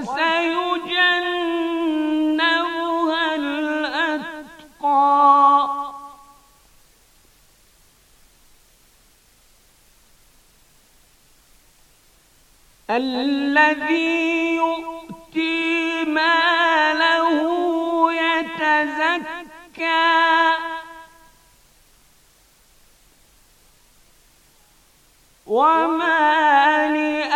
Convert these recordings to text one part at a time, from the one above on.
وسيجنبها الأتقى الذي يؤتي ماله يتزكى وما لأ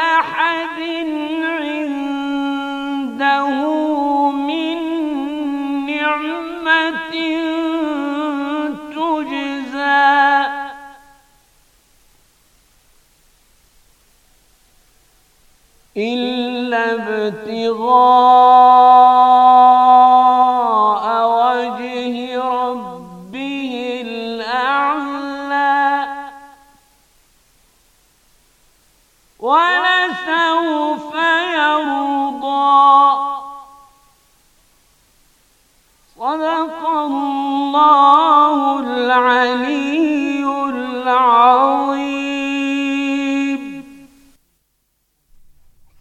إلا ابتغاء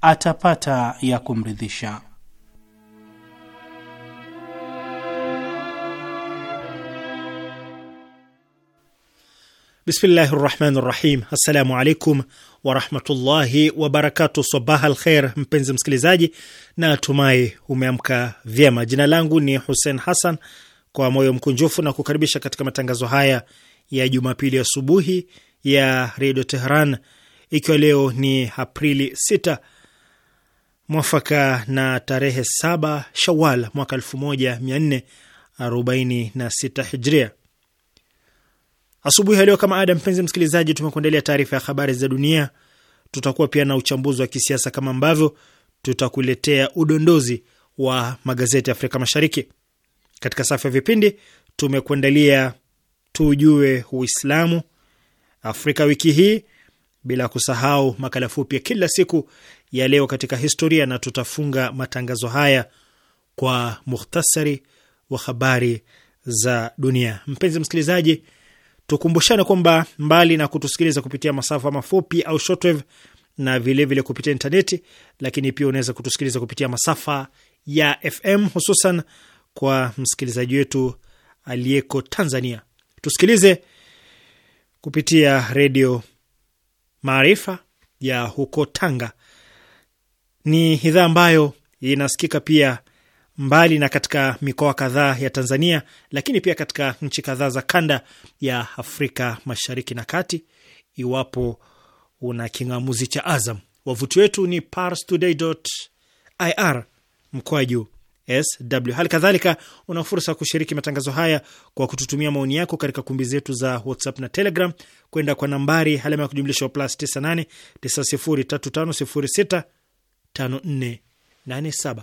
atapata ya kumridhisha. Bismillahi rahmani rahim. Assalamu alaikum warahmatullahi wabarakatu. Sabah al kher, mpenzi msikilizaji, na tumai umeamka vyema. Jina langu ni Hussein Hassan, kwa moyo mkunjufu na kukaribisha katika matangazo haya ya Jumapili asubuhi ya, ya Redio Tehran, ikiwa leo ni Aprili 6 mwafaka na tarehe saba Shawal mwaka sita Hijria. Asubuhi ya leo, kama ada, mpenzi msikilizaji, tumekuandalia taarifa ya habari za dunia. Tutakuwa pia na uchambuzi wa kisiasa kama ambavyo tutakuletea udondozi wa magazeti ya Afrika Mashariki. Katika safu ya vipindi tumekuandalia tujue Uislamu Afrika wiki hii bila kusahau makala fupi ya kila siku ya leo katika historia, na tutafunga matangazo haya kwa muhtasari wa habari za dunia. Mpenzi msikilizaji, tukumbushane kwamba mbali na kutusikiliza kupitia masafa mafupi au shortwave na vilevile vile kupitia intaneti, lakini pia unaweza kutusikiliza kupitia masafa ya FM, hususan kwa msikilizaji wetu aliyeko Tanzania, tusikilize kupitia redio Maarifa ya huko Tanga ni idhaa ambayo inasikika pia mbali na katika mikoa kadhaa ya Tanzania, lakini pia katika nchi kadhaa za kanda ya Afrika Mashariki na Kati, iwapo una king'amuzi cha Azam. Wavuti wetu ni parstoday.ir mkoa juu sw. Hali kadhalika una fursa ya kushiriki matangazo haya kwa kututumia maoni yako katika kumbi zetu za WhatsApp na Telegram kwenda kwa nambari alama ya kujumlisha wa plus 98 9035065487.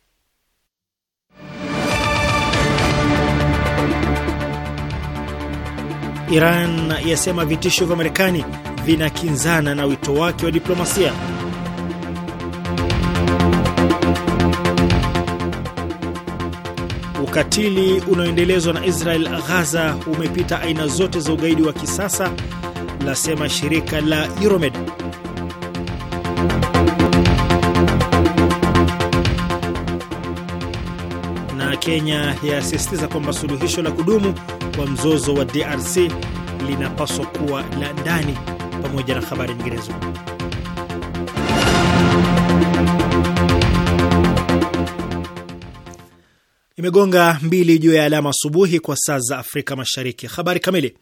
Iran yasema vitisho vya Marekani vinakinzana na wito wake wa diplomasia. Ukatili unaoendelezwa na Israel Ghaza umepita aina zote za ugaidi wa kisasa, lasema shirika la Euromed. Kenya yasisitiza kwamba suluhisho la kudumu kwa mzozo wa DRC linapaswa kuwa la ndani, pamoja na habari nyinginezo. Imegonga mbili juu ya alama asubuhi kwa saa za Afrika Mashariki. Habari kamili.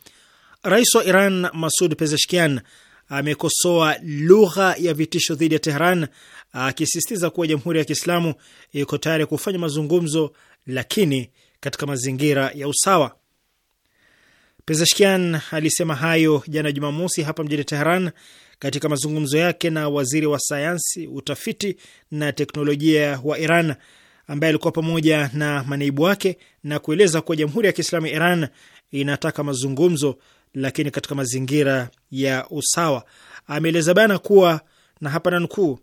Rais wa Iran Masud Pezeshkian amekosoa lugha ya vitisho dhidi ya Tehran akisisitiza kuwa Jamhuri ya Kiislamu iko tayari kufanya mazungumzo lakini katika mazingira ya usawa. Pezeshkian alisema hayo jana Jumamosi hapa mjini Teheran katika mazungumzo yake na waziri wa sayansi, utafiti na teknolojia wa Iran ambaye alikuwa pamoja na manaibu wake na kueleza kuwa Jamhuri ya Kiislamu ya Iran inataka mazungumzo, lakini katika mazingira ya usawa. Ameeleza bana kuwa na hapa nanukuu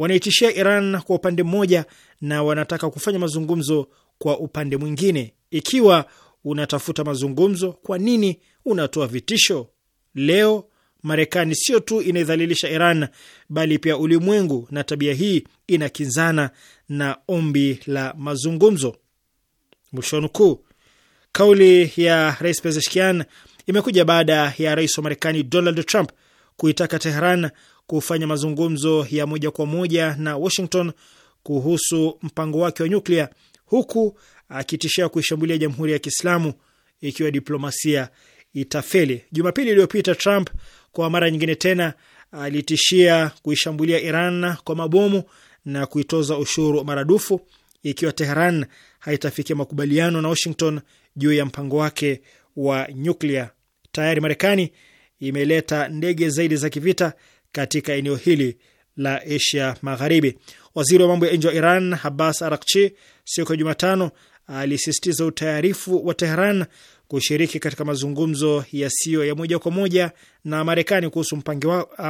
wanaitishia Iran kwa upande mmoja na wanataka kufanya mazungumzo kwa upande mwingine. Ikiwa unatafuta mazungumzo, kwa nini unatoa vitisho? Leo Marekani sio tu inaidhalilisha Iran bali pia ulimwengu, na tabia hii inakinzana na ombi la mazungumzo. Mwisho nukuu. Kauli ya Rais Pezeshkian imekuja baada ya rais wa Marekani Donald Trump kuitaka teheran kufanya mazungumzo ya moja kwa moja na Washington kuhusu mpango wake wa nyuklia, huku akitishia kuishambulia Jamhuri ya Kiislamu ikiwa diplomasia itafeli. Jumapili iliyopita, Trump kwa mara nyingine tena alitishia kuishambulia Iran kwa mabomu na kuitoza ushuru maradufu ikiwa Teheran haitafikia makubaliano na Washington juu ya mpango wake wa nyuklia. Tayari Marekani imeleta ndege zaidi za kivita katika eneo hili la Asia Magharibi. Waziri wa mambo ya nje wa Iran Abbas Arakchi siku ya Jumatano alisisitiza utayarifu wa Tehran kushiriki katika mazungumzo yasiyo ya moja kwa moja na Marekani kuhusu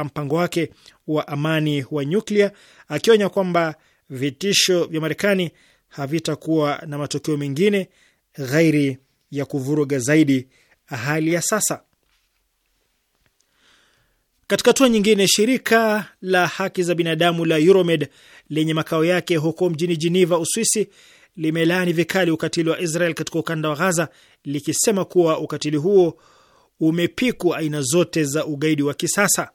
mpango wake wa amani wa nyuklia, akionya kwamba vitisho vya Marekani havitakuwa na matokeo mengine ghairi ya kuvuruga zaidi hali ya sasa. Katika hatua nyingine, shirika la haki za binadamu la Euromed lenye makao yake huko mjini Geneva, Uswisi, limelaani vikali ukatili wa Israel katika ukanda wa Ghaza, likisema kuwa ukatili huo umepikwa aina zote za ugaidi wa kisasa.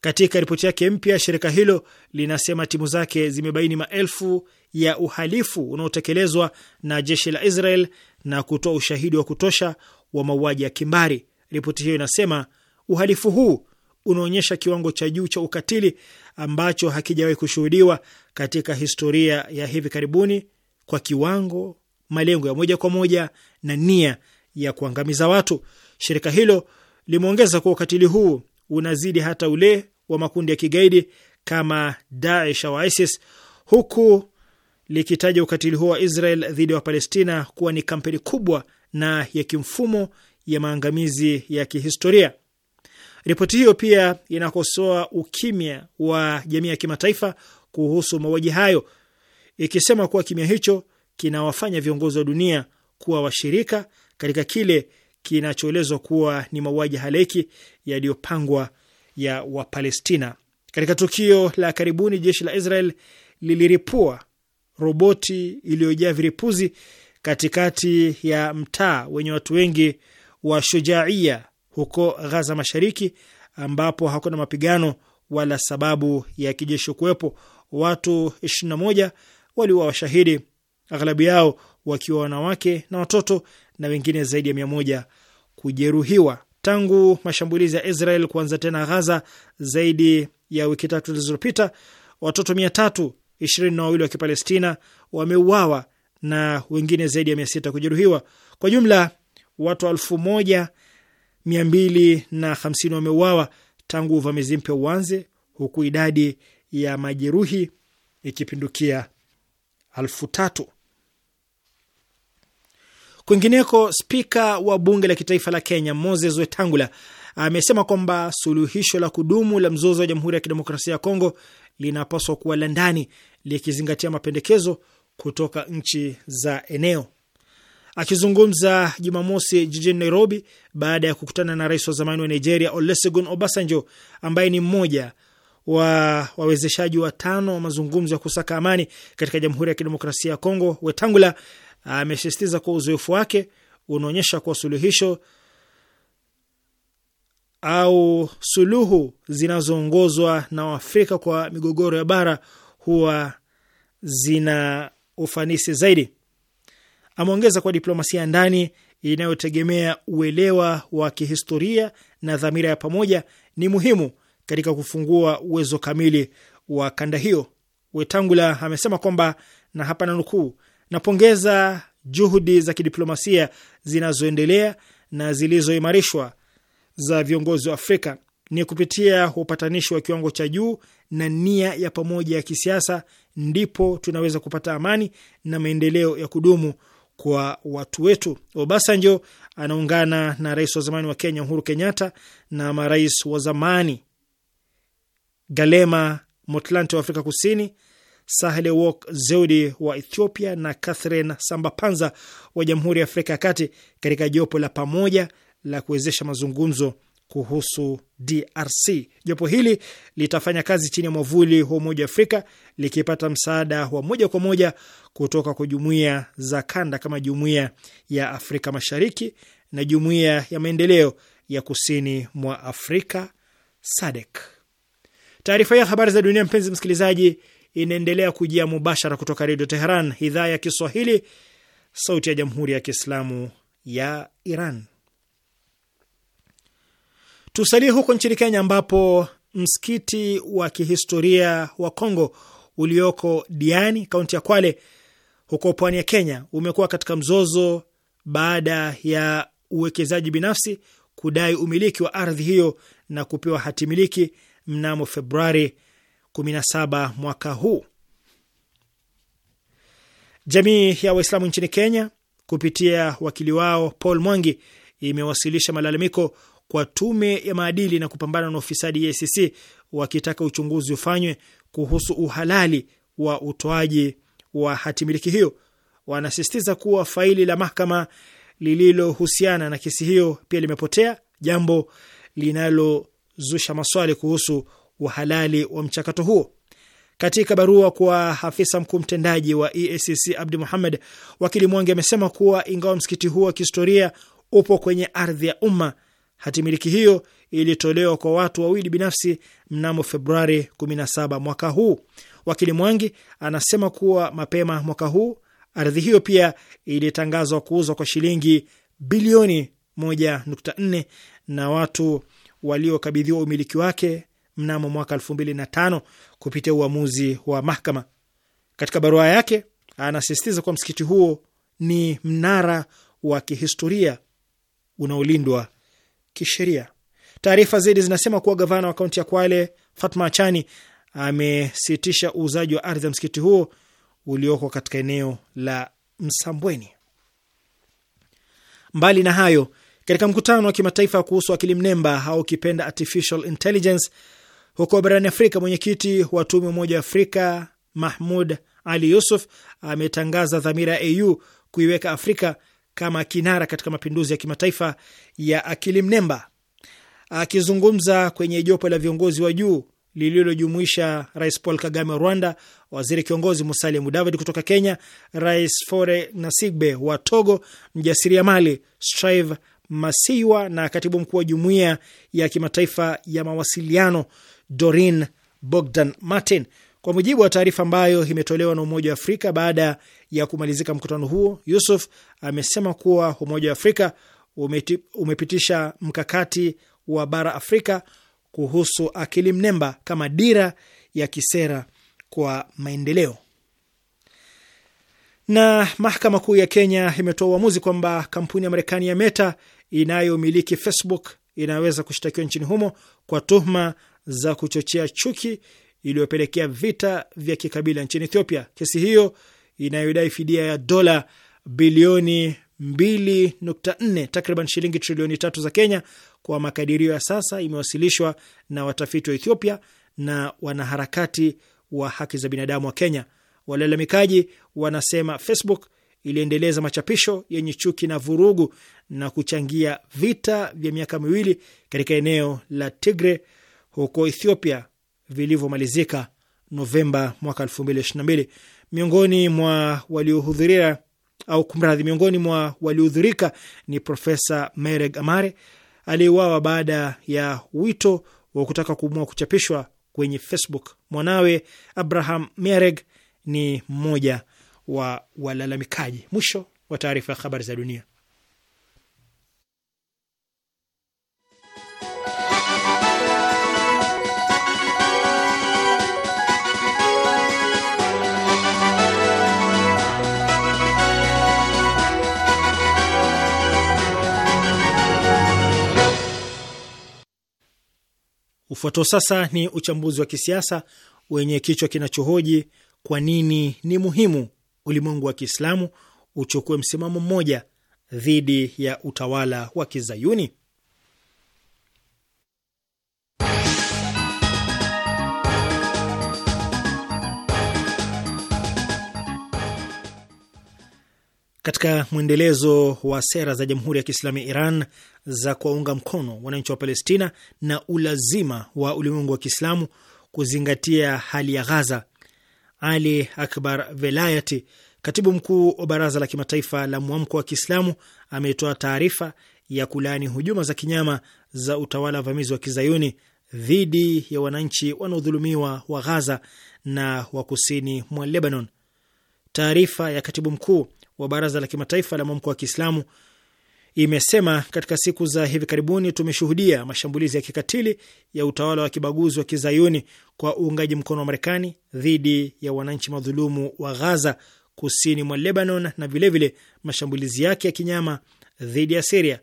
Katika ripoti yake mpya, shirika hilo linasema timu zake zimebaini maelfu ya uhalifu unaotekelezwa na jeshi la Israel na kutoa ushahidi wa kutosha wa mauaji ya kimbari. Ripoti hiyo inasema uhalifu huu unaonyesha kiwango cha juu cha ukatili ambacho hakijawahi kushuhudiwa katika historia ya hivi karibuni kwa kiwango, malengo ya moja kwa moja na nia ya kuangamiza watu. Shirika hilo limeongeza kuwa ukatili huu unazidi hata ule wa makundi ya kigaidi kama Daesh au ISIS, huku likitaja ukatili huo wa Israel dhidi ya Wapalestina kuwa ni kampeni kubwa na ya kimfumo ya maangamizi ya kihistoria. Ripoti hiyo pia inakosoa ukimya wa jamii ya kimataifa kuhusu mauaji hayo, ikisema kuwa kimya hicho kinawafanya viongozi wa dunia kuwa washirika katika kile kinachoelezwa kuwa ni mauaji halaiki yaliyopangwa ya Wapalestina. Katika tukio la karibuni, jeshi la Israel liliripua roboti iliyojaa viripuzi katikati ya mtaa wenye watu wengi wa Shujaia huko Ghaza Mashariki, ambapo hakuna mapigano wala sababu ya kijeshi kuwepo. Watu 21 waliuawa washahidi, aghlabu yao wakiwa wanawake na watoto, na wengine zaidi ya mia moja kujeruhiwa. Tangu mashambulizi ya Israel kuanza tena Ghaza zaidi ya wiki tatu zilizopita, watoto mia tatu ishirini na wawili wa Kipalestina wameuawa na wengine zaidi ya mia sita kujeruhiwa. Kwa jumla watu elfu moja 250 wameuawa tangu uvamizi mpya uanze, huku idadi ya majeruhi ikipindukia alfu tatu. Kwingineko, spika wa bunge la kitaifa la Kenya Moses Wetangula amesema kwamba suluhisho la kudumu la mzozo wa Jamhuri ya Kidemokrasia ya Kongo linapaswa kuwa la ndani likizingatia mapendekezo kutoka nchi za eneo. Akizungumza Jumamosi jijini Nairobi baada ya kukutana na rais wa zamani wa Nigeria Olusegun Obasanjo ambaye ni mmoja wa wawezeshaji watano wa mazungumzo ya kusaka amani katika Jamhuri ya Kidemokrasia ya Kongo, Wetangula amesisitiza kuwa uzoefu wake unaonyesha kuwa suluhisho au suluhu zinazoongozwa na Waafrika kwa migogoro ya bara huwa zina ufanisi zaidi. Ameongeza kwa diplomasia ya ndani inayotegemea uelewa wa kihistoria na dhamira ya pamoja ni muhimu katika kufungua uwezo kamili wa kanda hiyo. Wetangula amesema kwamba na hapa na nukuu, napongeza juhudi za kidiplomasia zinazoendelea na zilizoimarishwa za viongozi wa Afrika. Ni kupitia upatanishi wa kiwango cha juu na nia ya pamoja ya kisiasa ndipo tunaweza kupata amani na maendeleo ya kudumu kwa watu wetu. Obasanjo anaungana na rais wa zamani wa Kenya Uhuru Kenyatta na marais wa zamani Galema Motlante wa Afrika Kusini, Sahle Work Zewde wa Ethiopia na Catherine panza wa Jamhuri ya Afrika ya Kati katika jopo la pamoja la kuwezesha mazungumzo kuhusu DRC. Jopo hili litafanya kazi chini ya mwavuli wa Umoja wa Afrika likipata msaada wa moja kwa moja kutoka kwa jumuiya za kanda kama Jumuiya ya Afrika Mashariki na Jumuiya ya Maendeleo ya Kusini mwa Afrika SADC. Taarifa ya habari za dunia, mpenzi msikilizaji, inaendelea kujia mubashara kutoka Redio Teheran, idhaa ya Kiswahili, sauti ya Jamhuri ya Kiislamu ya Iran. Tusalie huko nchini Kenya, ambapo msikiti wa kihistoria wa Kongo ulioko Diani, kaunti ya Kwale, huko pwani ya Kenya, umekuwa katika mzozo baada ya uwekezaji binafsi kudai umiliki wa ardhi hiyo na kupewa hati miliki mnamo Februari 17 mwaka huu. Jamii ya Waislamu nchini Kenya kupitia wakili wao Paul Mwangi imewasilisha malalamiko kwa tume ya maadili na kupambana na ufisadi EACC wakitaka uchunguzi ufanywe kuhusu uhalali wa utoaji wa hatimiliki hiyo. Wanasisitiza kuwa faili la mahakama lililohusiana na kesi hiyo pia limepotea, jambo linalozusha maswali kuhusu uhalali wa mchakato huo. Katika barua kwa afisa mkuu mtendaji wa EACC Abdi Muhammad, wakili Mwangi amesema kuwa ingawa msikiti huo wa kihistoria upo kwenye ardhi ya umma Hatimiliki hiyo ilitolewa kwa watu wawili binafsi mnamo Februari 17 mwaka huu. Wakili Mwangi anasema kuwa mapema mwaka huu ardhi hiyo pia ilitangazwa kuuzwa kwa shilingi bilioni 1.4 na watu waliokabidhiwa umiliki wake mnamo mwaka 2005 kupitia uamuzi wa mahakama. Katika barua yake anasisitiza kuwa msikiti huo ni mnara wa kihistoria unaolindwa kisheria. Taarifa zaidi zinasema kuwa gavana wa kaunti ya Kwale Fatma Achani amesitisha uuzaji wa ardhi ya msikiti huo ulioko katika eneo la Msambweni. Mbali na hayo, katika mkutano wa kimataifa kuhusu akili mnemba au kipenda artificial intelligence huko barani Afrika, mwenyekiti wa tume Umoja wa Afrika Mahmud Ali Yusuf ametangaza dhamira ya AU kuiweka Afrika kama kinara katika mapinduzi ya kimataifa ya akili mnemba. Akizungumza kwenye jopo la viongozi wa juu lililojumuisha Rais Paul Kagame wa Rwanda, waziri kiongozi Musalia Mudavadi kutoka Kenya, Rais Fore Nasigbe wa Togo, mjasiriamali Strive Masiwa na katibu mkuu wa jumuiya ya kimataifa ya mawasiliano Dorin Bogdan Martin, kwa mujibu wa taarifa ambayo imetolewa na Umoja wa Afrika baada ya kumalizika mkutano huo, Yusuf amesema kuwa Umoja wa Afrika umepitisha mkakati wa bara Afrika kuhusu akili mnemba kama dira ya kisera kwa maendeleo. Na mahakama kuu ya Kenya imetoa uamuzi kwamba kampuni ya Marekani ya Meta inayomiliki Facebook inaweza kushtakiwa nchini humo kwa tuhuma za kuchochea chuki iliyopelekea vita vya kikabila nchini Ethiopia. Kesi hiyo inayodai fidia ya dola bilioni 2.4 takriban shilingi trilioni tatu za Kenya kwa makadirio ya sasa imewasilishwa na watafiti wa Ethiopia na wanaharakati wa haki za binadamu wa Kenya. Walalamikaji wanasema Facebook iliendeleza machapisho yenye chuki na vurugu na kuchangia vita vya miaka miwili katika eneo la Tigre huko Ethiopia vilivyomalizika Novemba mwaka 2022. Miongoni mwa waliohudhuria au kumradhi, miongoni mwa waliohudhurika ni Profesa Mereg Amare aliyeuawa baada ya wito wa kutaka kumua kuchapishwa kwenye Facebook. Mwanawe Abraham Mereg ni mmoja wa walalamikaji. Mwisho wa taarifa ya habari za dunia. Ufuatao sasa ni uchambuzi wa kisiasa wenye kichwa kinachohoji kwa nini ni muhimu ulimwengu wa Kiislamu uchukue msimamo mmoja dhidi ya utawala wa Kizayuni. Katika mwendelezo wa sera za Jamhuri ya Kiislamu ya Iran za kuwaunga mkono wananchi wa Palestina na ulazima wa ulimwengu wa Kiislamu kuzingatia hali ya Ghaza. Ali Akbar Velayati, katibu mkuu wa Baraza la Kimataifa la Mwamko wa Kiislamu, ametoa taarifa ya kulaani hujuma za kinyama za utawala wa vamizi wa kizayuni dhidi ya wananchi wanaodhulumiwa wa Ghaza na wa kusini mwa Lebanon. Taarifa ya katibu mkuu wa Baraza la Kimataifa la Mwamko wa Kiislamu imesema katika siku za hivi karibuni tumeshuhudia mashambulizi ya kikatili ya utawala wa kibaguzi wa kizayuni kwa uungaji mkono wa Marekani dhidi ya wananchi madhulumu wa Ghaza, kusini mwa Lebanon, na vilevile vile mashambulizi yake ya kinyama dhidi ya Siria.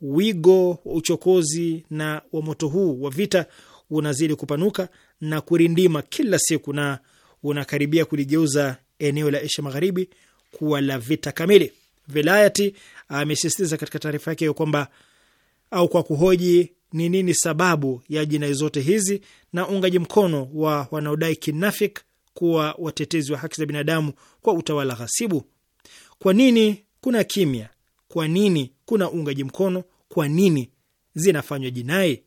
Wigo wa uchokozi na wa moto huu wa vita unazidi kupanuka na kurindima kila siku na unakaribia kuligeuza eneo la Asia Magharibi kuwa la vita kamili. Velayati amesisitiza katika taarifa yake hiyo kwamba au kwa kuhoji ni nini sababu ya jinai zote hizi na uungaji mkono wa wanaodai kinafik kuwa watetezi wa haki za binadamu kwa utawala ghasibu. Kwa nini kuna kimya? Kwa nini kuna uungaji mkono? Kwa nini zinafanywa jinai?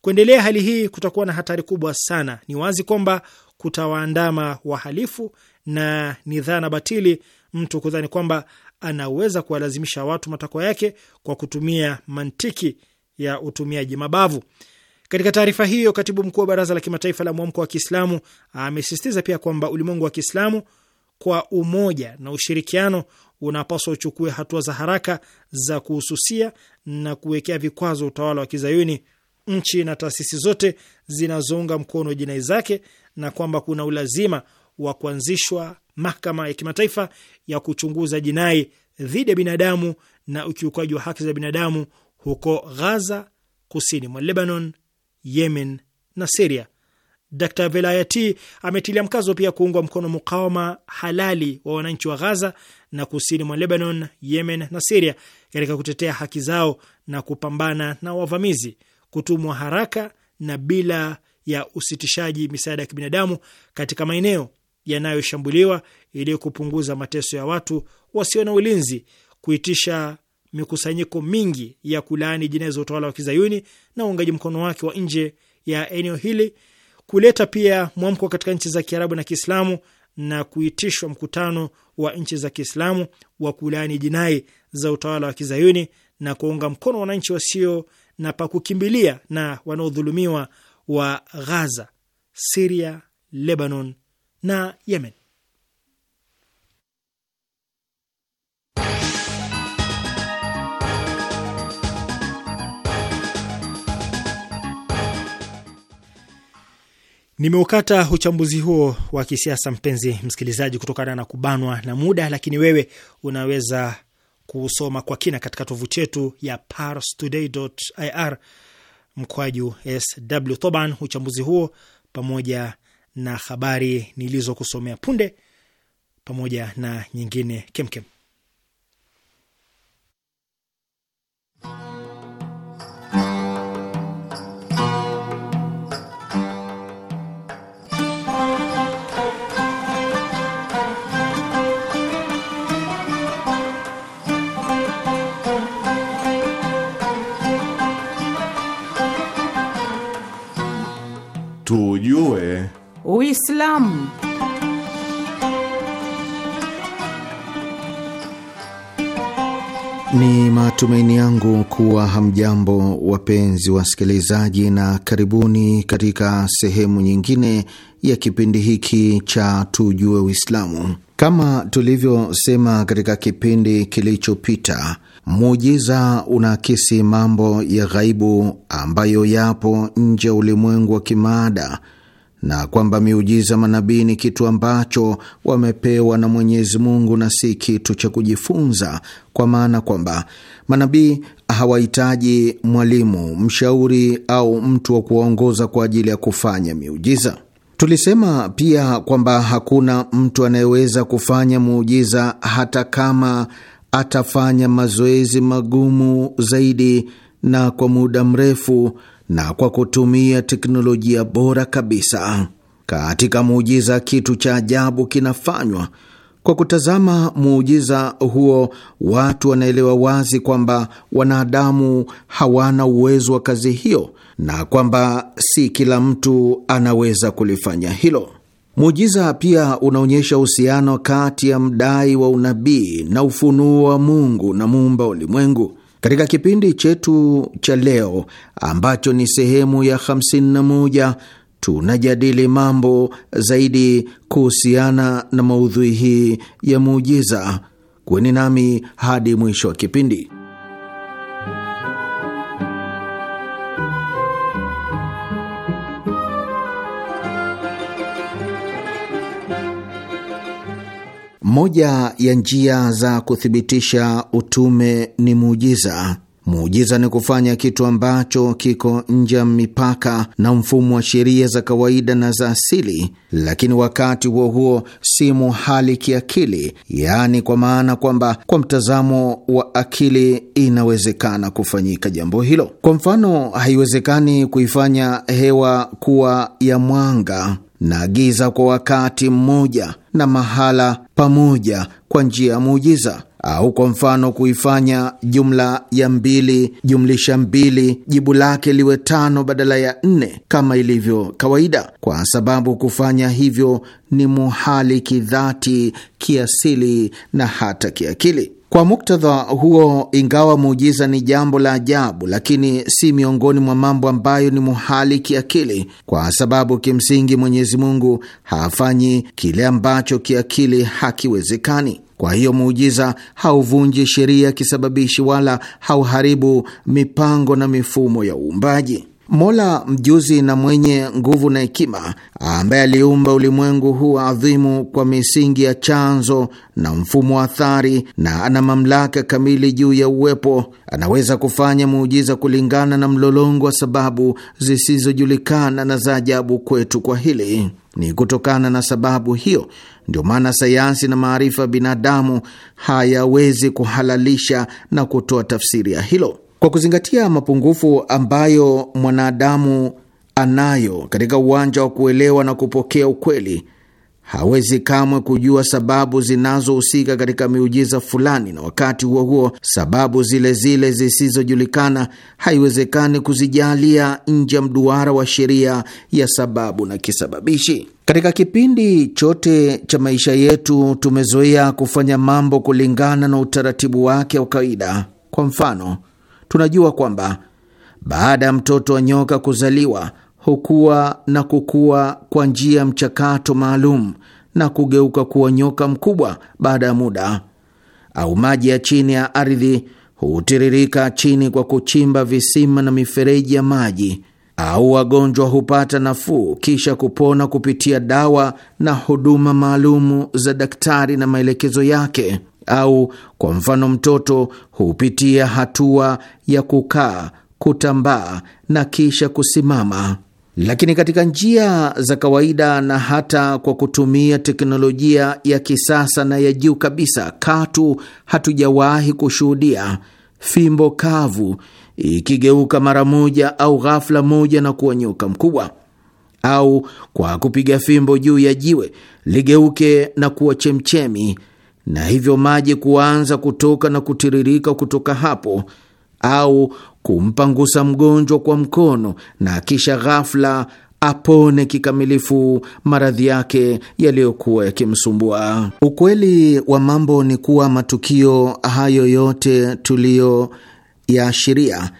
Kuendelea hali hii kutakuwa na hatari kubwa sana. Ni wazi kwamba kutawaandama wahalifu na ni dhana batili mtu kudhani kwamba anaweza kuwalazimisha watu matakwa yake kwa kutumia mantiki ya utumiaji mabavu. Katika taarifa hiyo, katibu mkuu wa Baraza la Kimataifa la Mwamko wa Kiislamu amesisitiza pia kwamba ulimwengu wa Kiislamu kwa umoja na ushirikiano unapaswa uchukue hatua za haraka za kuhususia na kuwekea vikwazo utawala wa kizayuni nchi na taasisi zote zinazounga mkono jinai zake na kwamba kuna ulazima wa kuanzishwa mahakama ya kimataifa ya kuchunguza jinai dhidi ya binadamu na ukiukaji wa haki za binadamu huko Ghaza, kusini mwa Lebanon, Yemen na Siria. Dr Velayati ametilia mkazo pia kuungwa mkono mukawama halali wa wananchi wa Ghaza na kusini mwa Lebanon, Yemen na Siria katika kutetea haki zao na kupambana na wavamizi, kutumwa haraka na bila ya usitishaji misaada ya kibinadamu katika maeneo yanayoshambuliwa ili kupunguza mateso ya watu wasio na ulinzi, kuitisha mikusanyiko mingi ya kulaani jinai za utawala wa kizayuni na uungaji mkono wake wa nje ya eneo hili, kuleta pia mwamko katika nchi za kiarabu na kiislamu na kuitishwa mkutano wa nchi za kiislamu wa kulaani jinai za utawala wa kizayuni na kuunga mkono wananchi wasio na pa kukimbilia na wanaodhulumiwa wa Ghaza, Siria, Lebanon na Yemen. Nimeukata uchambuzi huo wa kisiasa, mpenzi msikilizaji, kutokana na kubanwa na muda, lakini wewe unaweza kusoma kwa kina katika tovuti yetu ya parstoday.ir mkwaju sw. Toban uchambuzi huo pamoja na habari nilizokusomea punde pamoja na nyingine kemkem. Tujue Uislamu. Ni matumaini yangu kuwa hamjambo wapenzi wasikilizaji, na karibuni katika sehemu nyingine ya kipindi hiki cha Tujue Uislamu. Kama tulivyosema katika kipindi kilichopita, muujiza unaakisi mambo ya ghaibu ambayo yapo nje ya ulimwengu wa kimaada na kwamba miujiza manabii ni kitu ambacho wamepewa na Mwenyezi Mungu na si kitu cha kujifunza, kwa maana kwamba manabii hawahitaji mwalimu, mshauri au mtu wa kuwaongoza kwa ajili ya kufanya miujiza. Tulisema pia kwamba hakuna mtu anayeweza kufanya muujiza hata kama atafanya mazoezi magumu zaidi na kwa muda mrefu na kwa kutumia teknolojia bora kabisa. Katika muujiza, kitu cha ajabu kinafanywa. Kwa kutazama muujiza huo, watu wanaelewa wazi kwamba wanadamu hawana uwezo wa kazi hiyo na kwamba si kila mtu anaweza kulifanya hilo. Muujiza pia unaonyesha uhusiano kati ya mdai wa unabii na ufunuo wa Mungu na muumba ulimwengu. Katika kipindi chetu cha leo ambacho ni sehemu ya 51 tunajadili mambo zaidi kuhusiana na maudhui hii ya muujiza. Kuweni nami hadi mwisho wa kipindi. Moja ya njia za kuthibitisha utume ni muujiza. Muujiza ni kufanya kitu ambacho kiko nje ya mipaka na mfumo wa sheria za kawaida na za asili, lakini wakati huo huo si muhali kiakili, yaani kwa maana kwamba kwa mtazamo wa akili inawezekana kufanyika jambo hilo. Kwa mfano, haiwezekani kuifanya hewa kuwa ya mwanga na giza kwa wakati mmoja na mahala pamoja kwa njia ya muujiza au kwa mfano kuifanya jumla ya mbili jumlisha mbili jibu lake liwe tano badala ya nne kama ilivyo kawaida, kwa sababu kufanya hivyo ni muhali kidhati, kiasili na hata kiakili. Kwa muktadha huo, ingawa muujiza ni jambo la ajabu, lakini si miongoni mwa mambo ambayo ni muhali kiakili, kwa sababu kimsingi Mwenyezi Mungu hafanyi kile ambacho kiakili hakiwezekani. Kwa hiyo muujiza hauvunji sheria kisababishi wala hauharibu mipango na mifumo ya uumbaji. Mola mjuzi na mwenye nguvu na hekima, ambaye aliumba ulimwengu huu adhimu kwa misingi ya chanzo na mfumo wa athari, na ana mamlaka kamili juu ya uwepo, anaweza kufanya muujiza kulingana na mlolongo wa sababu zisizojulikana na za ajabu kwetu kwa hili. Ni kutokana na sababu hiyo ndio maana sayansi na maarifa ya binadamu hayawezi kuhalalisha na kutoa tafsiri ya hilo. Kwa kuzingatia mapungufu ambayo mwanadamu anayo katika uwanja wa kuelewa na kupokea ukweli, hawezi kamwe kujua sababu zinazohusika katika miujiza fulani, na wakati huo huo sababu zile zile zisizojulikana haiwezekani kuzijalia nje ya mduara wa sheria ya sababu na kisababishi. Katika kipindi chote cha maisha yetu tumezoea kufanya mambo kulingana na utaratibu wake wa kawaida. Kwa mfano tunajua kwamba baada ya mtoto wa nyoka kuzaliwa hukua na kukua kwa njia ya mchakato maalum na kugeuka kuwa nyoka mkubwa baada ya muda, au maji ya chini ya ardhi hutiririka chini kwa kuchimba visima na mifereji ya maji, au wagonjwa hupata nafuu kisha kupona kupitia dawa na huduma maalumu za daktari na maelekezo yake au kwa mfano mtoto hupitia hatua ya kukaa, kutambaa na kisha kusimama. Lakini katika njia za kawaida na hata kwa kutumia teknolojia ya kisasa na ya juu kabisa, katu hatujawahi kushuhudia fimbo kavu ikigeuka mara moja au ghafla moja na kuwa nyoka mkubwa, au kwa kupiga fimbo juu ya jiwe ligeuke na kuwa chemchemi na hivyo maji kuanza kutoka na kutiririka kutoka hapo, au kumpangusa mgonjwa kwa mkono na kisha ghafla apone kikamilifu maradhi yake yaliyokuwa yakimsumbua. Ukweli wa mambo ni kuwa matukio hayo yote tuliyoyaashiria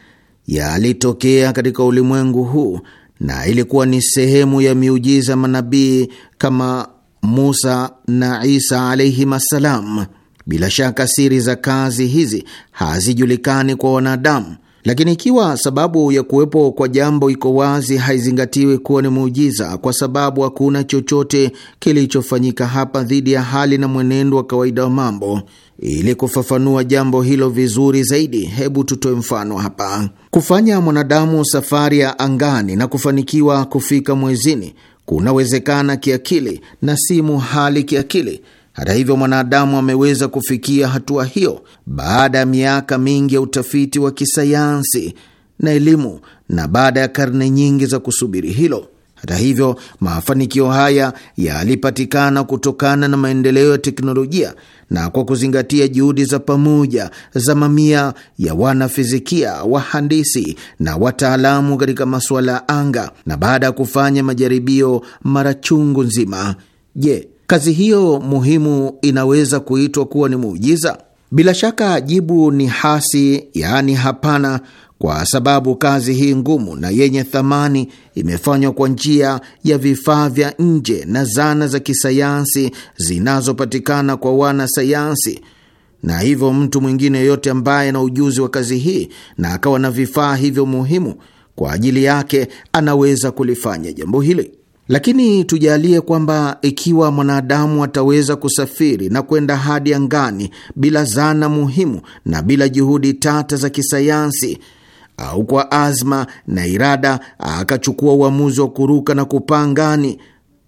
yalitokea katika ulimwengu huu na ilikuwa ni sehemu ya miujiza manabii kama Musa na Isa alaihim assalam. Bila shaka siri za kazi hizi hazijulikani kwa wanadamu, lakini ikiwa sababu ya kuwepo kwa jambo iko wazi, haizingatiwi kuwa ni muujiza, kwa sababu hakuna chochote kilichofanyika hapa dhidi ya hali na mwenendo wa kawaida wa mambo. Ili kufafanua jambo hilo vizuri zaidi, hebu tutoe mfano hapa. Kufanya mwanadamu safari ya angani na kufanikiwa kufika mwezini kunawezekana kiakili na si muhali kiakili. Hata hivyo, mwanadamu ameweza kufikia hatua hiyo baada ya miaka mingi ya utafiti wa kisayansi na elimu na baada ya karne nyingi za kusubiri hilo. Hata hivyo, mafanikio haya yalipatikana kutokana na maendeleo ya teknolojia na kwa kuzingatia juhudi za pamoja za mamia ya wanafizikia, wahandisi na wataalamu katika masuala ya anga, na baada ya kufanya majaribio mara chungu nzima. Je, kazi hiyo muhimu inaweza kuitwa kuwa ni muujiza? Bila shaka jibu ni hasi, yaani hapana, kwa sababu kazi hii ngumu na yenye thamani imefanywa kwa njia ya vifaa vya nje na zana za kisayansi zinazopatikana kwa wanasayansi, na hivyo mtu mwingine yoyote ambaye ana ujuzi wa kazi hii na akawa na vifaa hivyo muhimu kwa ajili yake anaweza kulifanya jambo hili. Lakini tujalie kwamba ikiwa mwanadamu ataweza kusafiri na kwenda hadi angani bila zana muhimu na bila juhudi tata za kisayansi, au kwa azma na irada akachukua uamuzi wa kuruka na kupaa angani,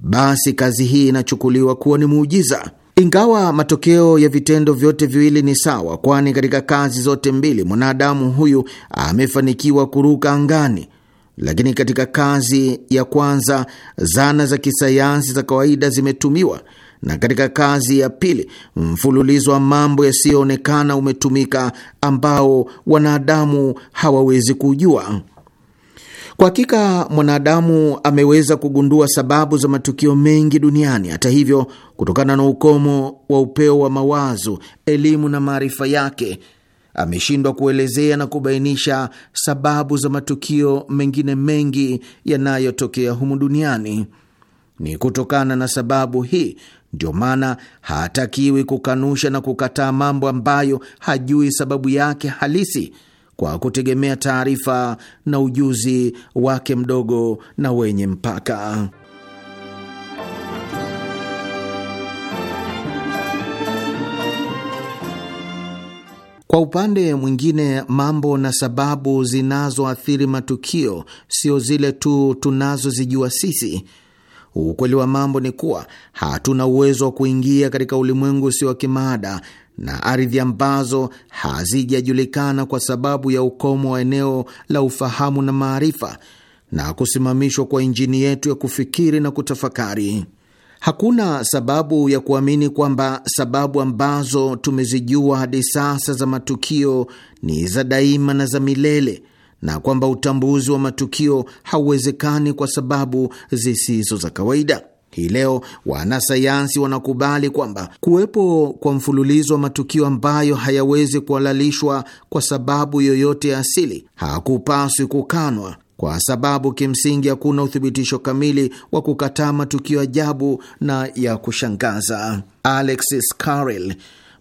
basi kazi hii inachukuliwa kuwa ni muujiza, ingawa matokeo ya vitendo vyote viwili ni sawa, kwani katika kazi zote mbili mwanadamu huyu amefanikiwa kuruka angani. Lakini katika kazi ya kwanza, zana za kisayansi za kawaida zimetumiwa na katika kazi ya pili mfululizo wa mambo yasiyoonekana umetumika ambao wanadamu hawawezi kujua. Kwa hakika mwanadamu ameweza kugundua sababu za matukio mengi duniani. Hata hivyo, kutokana na ukomo wa upeo wa mawazo, elimu na maarifa yake, ameshindwa kuelezea na kubainisha sababu za matukio mengine mengi yanayotokea humu duniani. Ni kutokana na sababu hii ndio maana hatakiwi kukanusha na kukataa mambo ambayo hajui sababu yake halisi kwa kutegemea taarifa na ujuzi wake mdogo na wenye mpaka. Kwa upande mwingine, mambo na sababu zinazoathiri matukio sio zile tu tunazozijua sisi Ukweli wa mambo ni kuwa hatuna uwezo wa kuingia katika ulimwengu usio wa kimaada na ardhi ambazo hazijajulikana kwa sababu ya ukomo wa eneo la ufahamu na maarifa na kusimamishwa kwa injini yetu ya kufikiri na kutafakari. Hakuna sababu ya kuamini kwamba sababu ambazo tumezijua hadi sasa za matukio ni za daima na za milele na kwamba utambuzi wa matukio hauwezekani kwa sababu zisizo za kawaida. Hii leo wanasayansi wanakubali kwamba kuwepo kwa mfululizo wa matukio ambayo hayawezi kuhalalishwa kwa sababu yoyote ya asili hakupaswi kukanwa, kwa sababu kimsingi hakuna uthibitisho kamili wa kukataa matukio ajabu na ya kushangaza. Alexis Carrel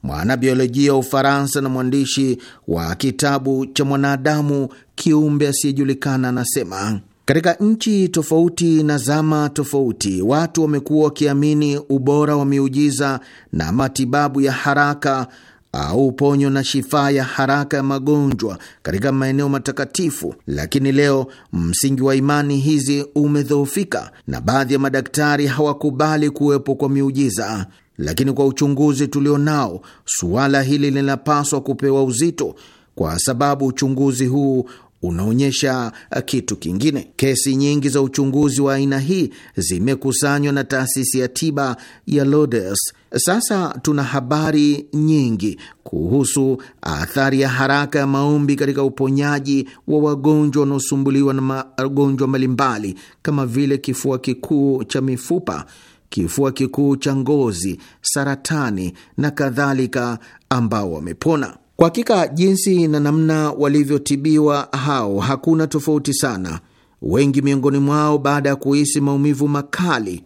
mwanabiolojia wa Ufaransa na mwandishi wa kitabu cha mwanadamu kiumbe asiyejulikana, anasema katika nchi tofauti na zama tofauti, watu wamekuwa wakiamini ubora wa miujiza na matibabu ya haraka au ponyo na shifaa ya haraka ya magonjwa katika maeneo matakatifu. Lakini leo msingi wa imani hizi umedhoofika na baadhi ya madaktari hawakubali kuwepo kwa miujiza lakini kwa uchunguzi tulio nao suala hili linapaswa kupewa uzito, kwa sababu uchunguzi huu unaonyesha uh, kitu kingine. Kesi nyingi za uchunguzi wa aina hii zimekusanywa na taasisi ya tiba ya Lodes. Sasa tuna habari nyingi kuhusu athari ya haraka ya maombi katika uponyaji wa wagonjwa wanaosumbuliwa na magonjwa mbalimbali kama vile kifua kikuu cha mifupa kifua kikuu cha ngozi, saratani na kadhalika, ambao wamepona. Kwa hakika jinsi na namna walivyotibiwa hao hakuna tofauti sana. Wengi miongoni mwao baada ya kuhisi maumivu makali,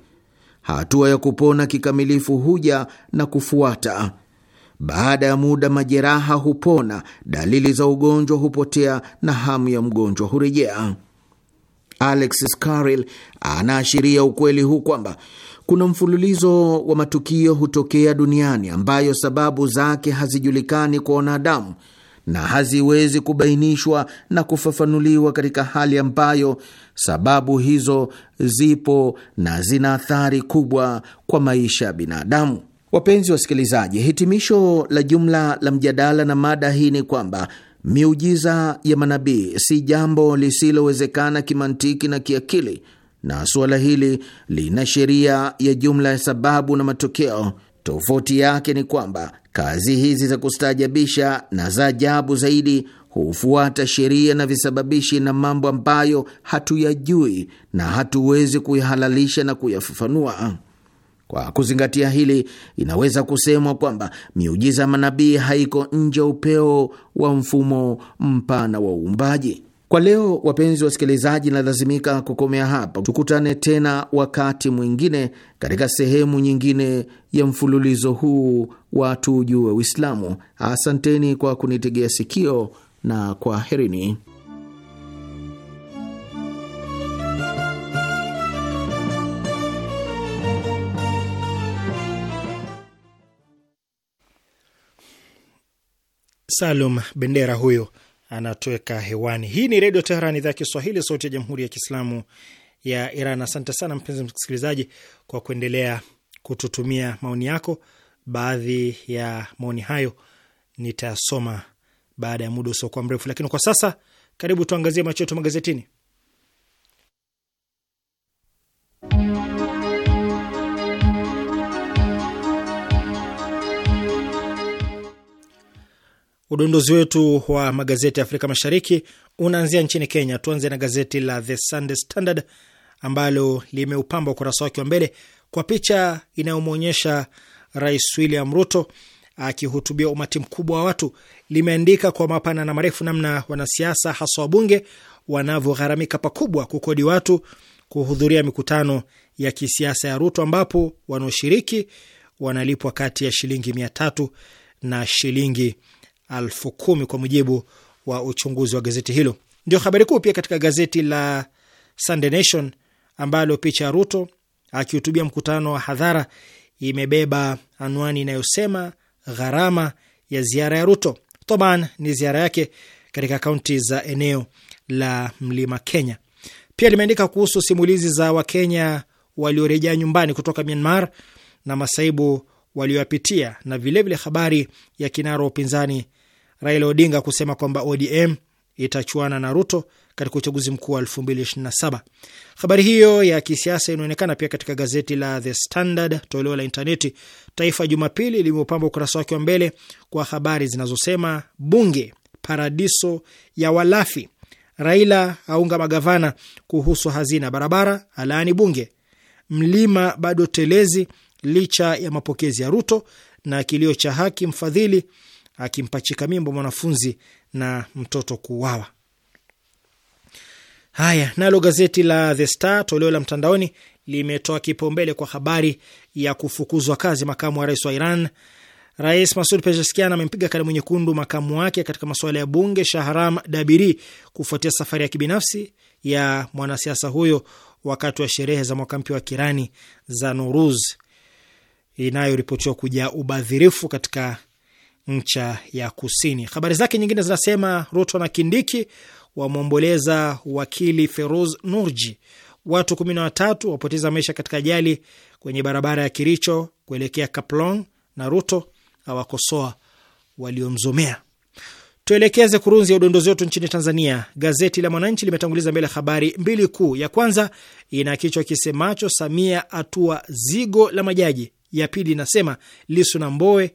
hatua ya kupona kikamilifu huja na kufuata. Baada ya muda, majeraha hupona, dalili za ugonjwa hupotea na hamu ya mgonjwa hurejea. Alexis Carrel anaashiria ukweli huu kwamba kuna mfululizo wa matukio hutokea duniani ambayo sababu zake hazijulikani kwa wanadamu na haziwezi kubainishwa na kufafanuliwa katika hali ambayo sababu hizo zipo na zina athari kubwa kwa maisha ya binadamu. Wapenzi wasikilizaji, hitimisho la jumla la mjadala na mada hii ni kwamba miujiza ya manabii si jambo lisilowezekana kimantiki na kiakili na suala hili lina sheria ya jumla ya sababu na matokeo. Tofauti yake ni kwamba kazi hizi za kustaajabisha na za ajabu zaidi hufuata sheria na visababishi na mambo ambayo hatuyajui na hatuwezi kuyahalalisha na kuyafafanua. Kwa kuzingatia hili, inaweza kusemwa kwamba miujiza ya manabii haiko nje upeo wa mfumo mpana wa uumbaji. Kwa leo, wapenzi wasikilizaji, nalazimika kukomea hapa. Tukutane tena wakati mwingine katika sehemu nyingine ya mfululizo huu wa Tuujue Uislamu. Asanteni kwa kunitegea sikio na kwaherini. Salum Bendera huyo anatoweka hewani. Hii ni Redio Teheran, idhaa ya Kiswahili, sauti ya Jamhuri ya Kiislamu ya Iran. Asante sana mpenzi msikilizaji kwa kuendelea kututumia maoni yako. Baadhi ya maoni hayo nitayasoma baada ya muda usiokuwa mrefu, lakini kwa sasa, karibu tuangazie macho yetu magazetini. Udondozi wetu wa magazeti ya Afrika Mashariki unaanzia nchini Kenya. Tuanze na gazeti la The Sunday Standard ambalo limeupamba ukurasa wake wa mbele kwa picha inayomwonyesha Rais William Ruto akihutubia umati mkubwa wa watu. Limeandika kwa mapana na marefu namna wanasiasa hasa wabunge wanavyogharamika pakubwa kukodi watu kuhudhuria mikutano ya kisiasa ya Ruto, ambapo wanaoshiriki wanalipwa kati ya shilingi mia tatu na shilingi elfu kumi kwa mujibu wa uchunguzi wa gazeti hilo. Ndio habari kuu pia katika gazeti la Sunday Nation ambalo picha ya Ruto akihutubia mkutano wa hadhara imebeba anwani inayosema gharama ya ziara ya Ruto. Toban ni ziara yake katika kaunti za eneo la mlima Kenya. Pia limeandika kuhusu simulizi za Wakenya waliorejea nyumbani kutoka Myanmar na masaibu walioyapitia na vilevile vile habari ya kinara wa upinzani Raila Odinga kusema kwamba ODM itachuana na Ruto katika uchaguzi mkuu wa 2027. Habari hiyo ya kisiasa inaonekana pia katika gazeti la The Standard toleo la intaneti Taifa Jumapili limeupamba ukurasa wake wa mbele kwa habari zinazosema bunge paradiso ya walafi, Raila aunga magavana kuhusu hazina barabara, alaani bunge, mlima bado telezi licha ya mapokezi ya Ruto, na kilio cha haki mfadhili akimpachika mimba mwanafunzi na mtoto kuuawa. Haya, nalo gazeti la The Star toleo la mtandaoni limetoa kipaumbele kwa habari ya kufukuzwa kazi makamu wa rais wa Iran. Rais Masud Pezeshkian amempiga kalamu nyekundu makamu wake katika masuala ya bunge Shahram Dabiri kufuatia safari ya kibinafsi ya mwanasiasa huyo wakati wa sherehe za mwaka mpya wa Kirani za Nuruz inayoripotiwa kuja ubadhirifu katika ncha ya kusini. Habari zake nyingine zinasema Ruto na Kindiki wamwomboleza wakili Feroz Nurji. Watu kumi na watatu wapoteza maisha katika ajali kwenye barabara ya Kiricho kuelekea Kaplong, na Ruto awakosoa waliomzomea. Tuelekeze kurunzi ya udondozi wetu nchini Tanzania. Gazeti la Mwananchi limetanguliza mbele habari mbili kuu. Ya kwanza ina kichwa kisemacho Samia atua zigo la majaji, ya pili inasema Lisu na Mbowe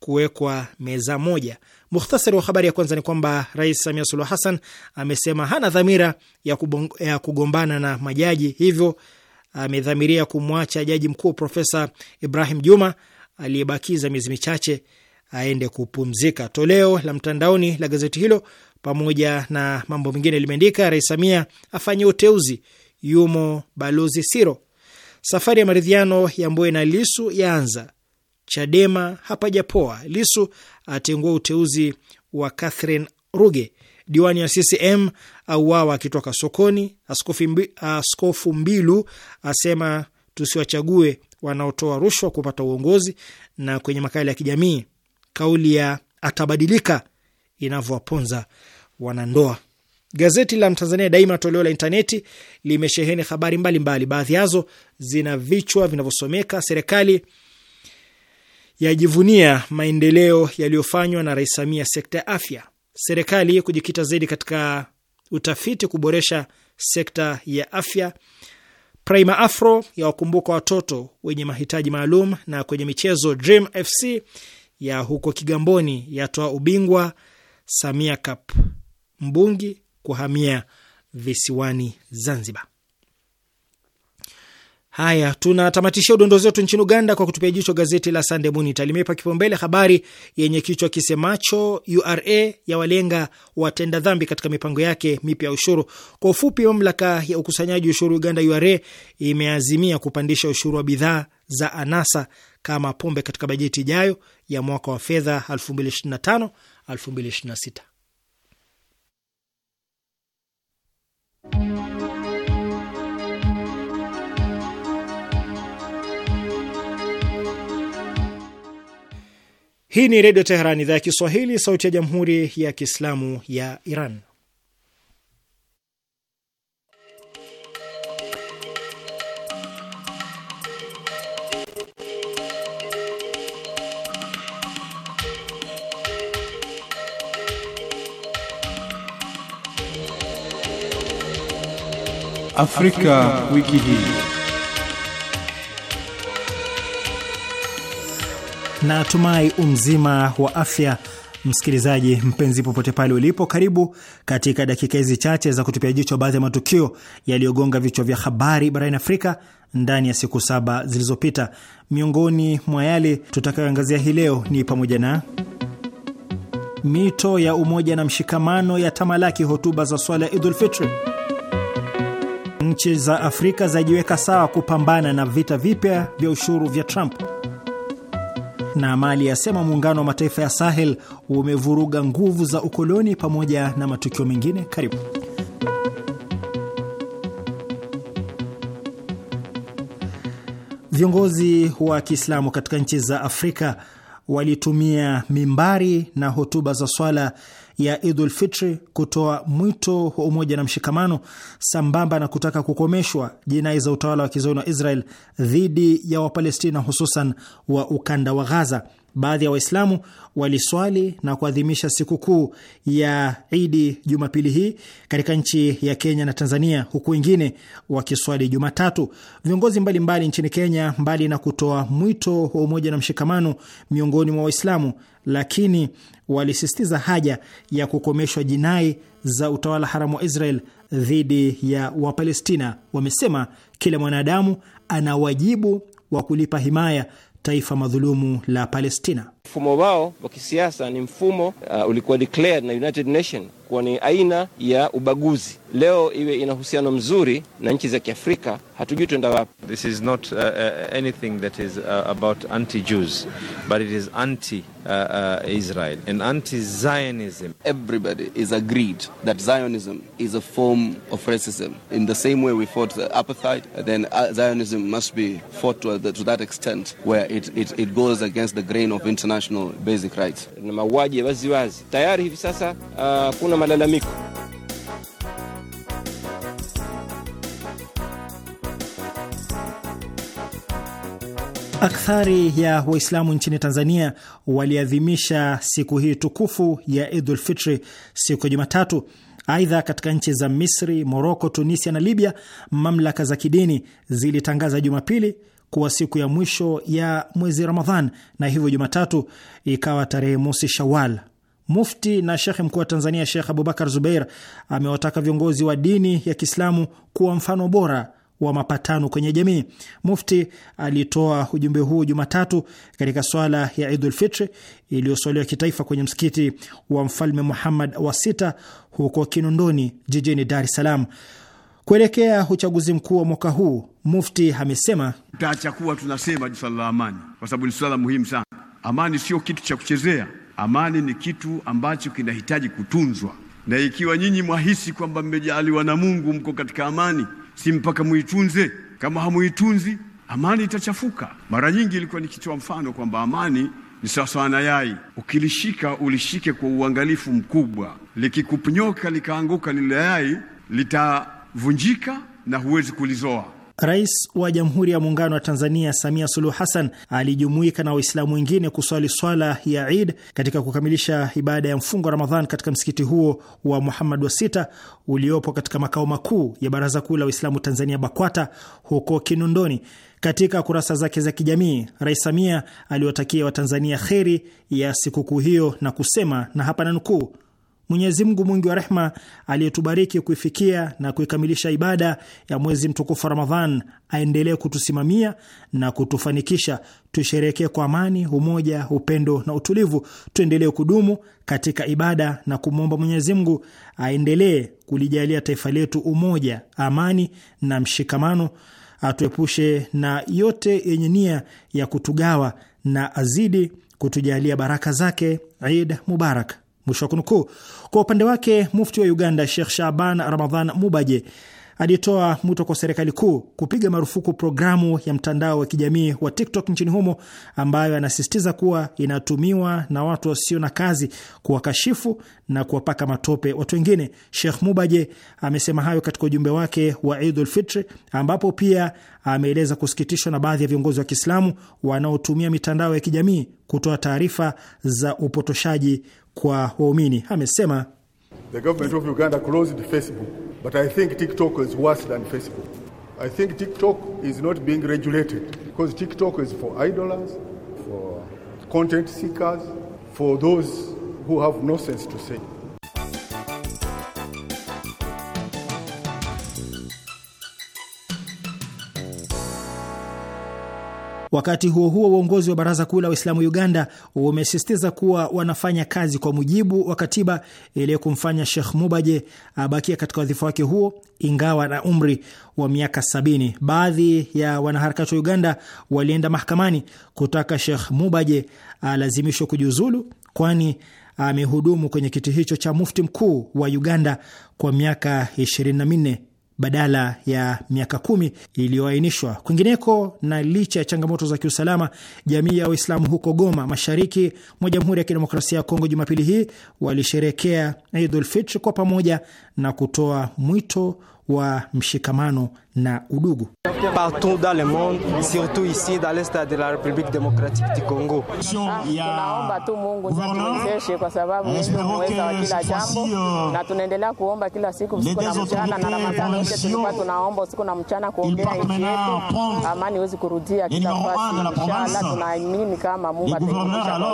kuwekwa meza moja. Mukhtasari wa habari ya kwanza ni kwamba Rais Samia Suluhu Hassan amesema hana dhamira ya, kubong, ya kugombana na majaji, hivyo amedhamiria kumwacha Jaji Mkuu Profesa Ibrahim Juma aliyebakiza miezi michache aende kupumzika. Toleo la mtandaoni la gazeti hilo pamoja na mambo mengine limeandika Rais Samia afanye uteuzi, yumo Balozi Siro, safari ya maridhiano ya Mbowe na Lisu yaanza Chadema hapajapoa. Lisu atengua uteuzi wa Catherine Ruge. Diwani ya CCM auawa akitoka sokoni. Askofu, mbi, askofu Mbilu asema tusiwachague wanaotoa rushwa kupata uongozi. Na kwenye makala ya kijamii kauli ya atabadilika inavyowaponza wanandoa. Gazeti la Mtanzania Daima toleo la intaneti limesheheni habari mbalimbali, baadhi yazo zina vichwa vinavyosomeka serikali yajivunia maendeleo yaliyofanywa na Rais Samia sekta ya afya. Serikali kujikita zaidi katika utafiti kuboresha sekta ya afya. Prima Afro ya wakumbuka watoto wenye mahitaji maalum, na kwenye michezo Dream FC ya huko Kigamboni yatoa ubingwa Samia Cup. Mbungi kuhamia visiwani Zanzibar. Haya, tunatamatishia udondozi wetu nchini Uganda kwa kutupia jicho gazeti la Sunday Monitor. Limeipa kipaumbele habari yenye kichwa kisemacho URA ya walenga watenda dhambi katika mipango yake mipya ya ushuru. Kwa ufupi, mamlaka ya ukusanyaji ushuru Uganda, URA, imeazimia kupandisha ushuru wa bidhaa za anasa kama pombe katika bajeti ijayo ya mwaka wa fedha 2025 2026. Hii ni Redio Teheran, idhaa ya Kiswahili, sauti ya Jamhuri ya Kiislamu ya Iran. Afrika, Afrika. Wiki hii na tumai umzima wa afya msikilizaji mpenzi, popote pale ulipo, karibu katika dakika hizi chache za kutupia jicho baadhi ya matukio yaliyogonga vichwa vya habari barani Afrika ndani ya siku saba zilizopita. Miongoni mwa yale tutakayoangazia hii leo ni pamoja na mito ya umoja na mshikamano ya tamalaki hotuba za swala ya Idul Fitri, nchi za Afrika zajiweka sawa kupambana na vita vipya vya ushuru vya Trump na Mali asema muungano wa mataifa ya Sahel umevuruga nguvu za ukoloni, pamoja na matukio mengine. Karibu. Viongozi wa Kiislamu katika nchi za Afrika walitumia mimbari na hotuba za swala ya Idul Fitri kutoa mwito wa umoja na mshikamano sambamba na kutaka kukomeshwa jinai za utawala wa kizayuni wa Israel dhidi ya Wapalestina hususan wa ukanda wa Ghaza baadhi ya Waislamu waliswali na kuadhimisha sikukuu ya Idi Jumapili hii katika nchi ya Kenya na Tanzania, huku wengine wakiswali Jumatatu. Viongozi mbalimbali nchini Kenya, mbali na kutoa mwito wa umoja na mshikamano miongoni mwa Waislamu, lakini walisisitiza haja ya kukomeshwa jinai za utawala haramu wa Israel dhidi ya Wapalestina. Wamesema kila mwanadamu ana wajibu wa kulipa himaya taifa madhulumu la Palestina. Mfumo wao wa kisiasa ni mfumo uh, ulikuwa declared na United Nation kuwa ni aina ya ubaguzi. Leo iwe ina uhusiano mzuri na nchi za Kiafrika, hatujui tuenda wapi. This is not uh, uh, anything that is uh, about anti-Jews but it is anti uh, uh, Israel and anti-Zionism. Everybody is agreed that Zionism is a form of racism. In the same way we fought the apartheid, then uh, Zionism must be fought to, to that extent where it, it, it goes against the grain of international international basic rights, na mauaji ya waziwazi tayari hivi sasa. Uh, ah, kuna malalamiko Akthari ya Waislamu nchini Tanzania waliadhimisha siku hii tukufu ya Idul Fitri siku ya Jumatatu. Aidha, katika nchi za Misri, Moroko, Tunisia na Libya, mamlaka za kidini zilitangaza Jumapili kuwa siku ya mwisho ya mwezi Ramadhan na hivyo Jumatatu ikawa tarehe mosi Shawal. Mufti na shekhe mkuu wa Tanzania Shekh Abubakar Zubeir amewataka viongozi wa dini ya Kiislamu kuwa mfano bora wa mapatano kwenye jamii. Mufti alitoa ujumbe huu Jumatatu katika swala ya Idul Fitri iliyoswaliwa kitaifa kwenye msikiti wa Mfalme Muhammad wa sita huko Kinondoni jijini Dar es Salaam kuelekea uchaguzi mkuu wa mwaka huu. Mufti amesema tutaacha kuwa tunasema swala la amani, kwa sababu ni swala muhimu sana. Amani sio kitu cha kuchezea. Amani ni kitu ambacho kinahitaji kutunzwa, na ikiwa nyinyi mwahisi kwamba mmejaaliwa na Mungu mko katika amani si mpaka muitunze. Kama hamuitunzi amani itachafuka. Mara nyingi ilikuwa nikitoa mfano kwamba amani ni sawasawa na yai, ukilishika ulishike kwa uangalifu mkubwa. Likikupunyoka likaanguka, lile yai litavunjika na huwezi kulizoa. Rais wa Jamhuri ya Muungano wa Tanzania Samia Suluhu Hassan alijumuika na Waislamu wengine kuswali swala ya Id katika kukamilisha ibada ya mfungo wa Ramadhan katika msikiti huo wa Muhammad wa Sita uliopo katika makao makuu ya Baraza Kuu la Waislamu Tanzania BAKWATA huko Kinondoni. Katika kurasa zake za kijamii, Rais Samia aliwatakia Watanzania kheri ya sikukuu hiyo na kusema, na hapa nanukuu: Mwenyezi Mungu mwingi wa rehma aliyetubariki kuifikia na kuikamilisha ibada ya mwezi mtukufu wa Ramadhan aendelee kutusimamia na kutufanikisha tusherekee kwa amani, umoja, upendo na utulivu. Tuendelee kudumu katika ibada na kumwomba Mwenyezi Mungu aendelee kulijalia taifa letu umoja, amani na mshikamano, atuepushe na yote yenye nia ya kutugawa na azidi kutujalia baraka zake. Eid Mubarak. Mwisho wa kunukuu. Kwa upande wake mufti wa Uganda shekh Shaban Ramadhan Mubaje alitoa mwito kwa serikali kuu kupiga marufuku programu ya mtandao wa kijamii wa TikTok nchini humo, ambayo anasisitiza kuwa inatumiwa na watu wasio na kazi kuwakashifu na kuwapaka matope watu wengine. Sheikh Mubaje amesema hayo katika ujumbe wake wa Idul Fitri, ambapo pia ameeleza kusikitishwa na baadhi ya viongozi wa Kiislamu wanaotumia mitandao ya kijamii kutoa taarifa za upotoshaji kwa waumini. Amesema The government of Uganda closed Facebook, but I think TikTok is worse than Facebook. I think TikTok is not being regulated because TikTok is for idlers, for content seekers, for those who have no sense to say. Wakati huo huo, uongozi wa Baraza Kuu la Waislamu Uganda umesisitiza kuwa wanafanya kazi kwa mujibu wa katiba ili kumfanya Sheikh Mubaje abakia katika wadhifa wake huo ingawa na umri wa miaka sabini. Baadhi ya wanaharakati wa Uganda walienda mahakamani kutaka Sheikh Mubaje alazimishwe kujiuzulu, kwani amehudumu kwenye kiti hicho cha mufti mkuu wa Uganda kwa miaka minne badala ya miaka kumi iliyoainishwa. Kwingineko, na licha ya changamoto za kiusalama, jamii ya Waislamu huko Goma, mashariki mwa Jamhuri ya Kidemokrasia ya Kongo, Jumapili hii walisherekea Idul Fitri kwa pamoja na kutoa mwito wa mshikamano na udugu. Partout dans le monde, surtout ici dans l'est de la République démocratique du Congo. Ah, tunaomba tu Mungu kwa sababu kila jambo na euh, tunaendelea kuomba kila siku usiku na mchana na Ramadhani yote tulikuwa tunaomba usiku na mchana nchi yetu. Amani kurudia kila Inshallah tunaamini kama Mungu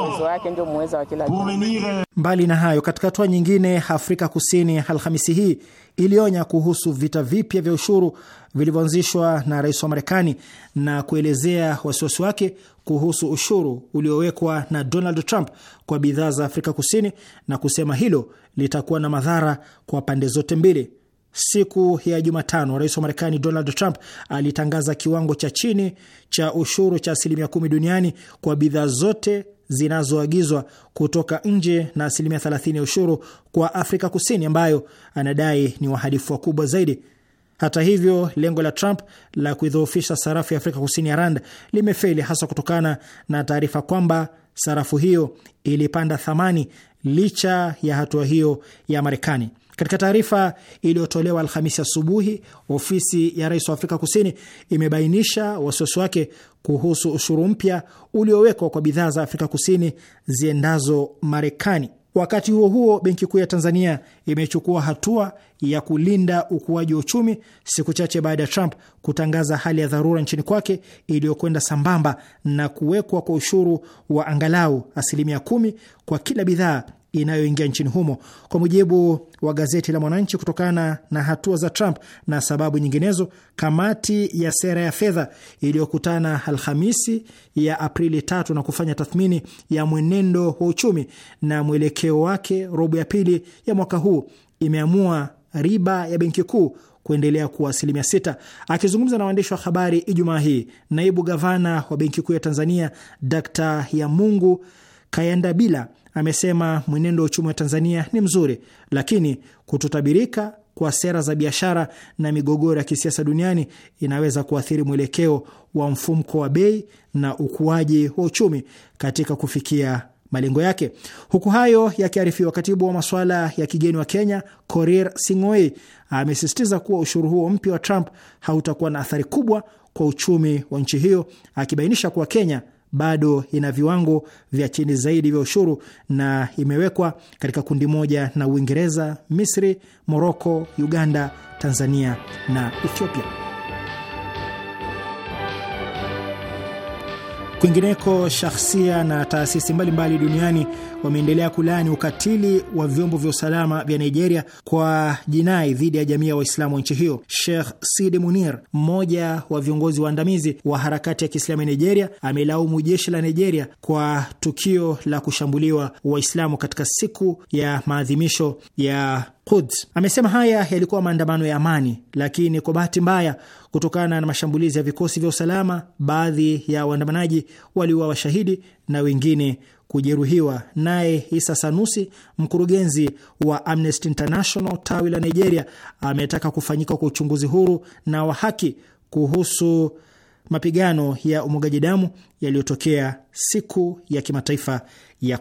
uwezo wake ndio muweza wa kila jambo. Euh, Mbali na hayo, katika hatua nyingine, Afrika Kusini Alhamisi hii ilionya kuhusu vita vipya vya ushuru vilivyoanzishwa na rais wa Marekani na kuelezea wasiwasi wake kuhusu ushuru uliowekwa na Donald Trump kwa bidhaa za Afrika Kusini na kusema hilo litakuwa na madhara kwa pande zote mbili. Siku ya Jumatano, rais wa Marekani Donald Trump alitangaza kiwango cha chini cha ushuru cha asilimia kumi duniani kwa bidhaa zote zinazoagizwa kutoka nje na asilimia 30 ya ushuru kwa Afrika Kusini ambayo anadai ni wahadifu wakubwa zaidi hata hivyo, lengo la Trump la kuidhoofisha sarafu ya Afrika Kusini ya rand limefeli hasa kutokana na taarifa kwamba sarafu hiyo ilipanda thamani licha ya hatua hiyo ya Marekani. Katika taarifa iliyotolewa Alhamisi asubuhi, ofisi ya rais wa Afrika Kusini imebainisha wasiwasi wake kuhusu ushuru mpya uliowekwa kwa bidhaa za Afrika Kusini ziendazo Marekani. Wakati huo huo, Benki Kuu ya Tanzania imechukua hatua ya kulinda ukuaji wa uchumi siku chache baada ya Trump kutangaza hali ya dharura nchini kwake iliyokwenda sambamba na kuwekwa kwa ushuru wa angalau asilimia kumi kwa kila bidhaa inayoingia nchini humo, kwa mujibu wa gazeti la Mwananchi. Kutokana na hatua za Trump na sababu nyinginezo, kamati ya sera ya fedha iliyokutana Alhamisi ya Aprili tatu na kufanya tathmini ya mwenendo wa uchumi na mwelekeo wake robo ya pili ya mwaka huu imeamua riba ya benki kuu kuendelea kuwa asilimia sita. Akizungumza na waandishi wa habari Ijumaa hii, naibu gavana wa benki kuu ya Tanzania Dkt Yamungu Kayandabila amesema mwenendo wa uchumi wa Tanzania ni mzuri, lakini kutotabirika kwa sera za biashara na migogoro ya kisiasa duniani inaweza kuathiri mwelekeo wa mfumko wa bei na ukuaji wa uchumi katika kufikia malengo yake. Huku hayo yakiarifiwa, katibu wa masuala ya kigeni wa Kenya Korir Sing'oei amesisitiza kuwa ushuru huo mpya wa Trump hautakuwa na athari kubwa kwa uchumi wa nchi hiyo, akibainisha kuwa Kenya bado ina viwango vya chini zaidi vya ushuru na imewekwa katika kundi moja na Uingereza, Misri, Moroko, Uganda, Tanzania na Ethiopia. Kwingineko, shahsia na taasisi mbalimbali duniani wameendelea kulaani ukatili wa vyombo vya usalama vya Nigeria kwa jinai dhidi ya jamii ya Waislamu wa nchi hiyo. Sheikh Sidi Munir, mmoja wa viongozi waandamizi wa harakati ya Kiislamu ya Nigeria, amelaumu jeshi la Nigeria kwa tukio la kushambuliwa Waislamu katika siku ya maadhimisho ya Quds. Amesema haya yalikuwa maandamano ya amani, lakini kwa bahati mbaya, kutokana na mashambulizi ya vikosi vya usalama, baadhi ya waandamanaji waliuawa washahidi na wengine kujeruhiwa. Naye Isa Sanusi, mkurugenzi wa Amnesty International tawi la Nigeria, ametaka kufanyika kwa uchunguzi huru na wa haki kuhusu mapigano ya umwagaji damu yaliyotokea siku ya kimataifa Far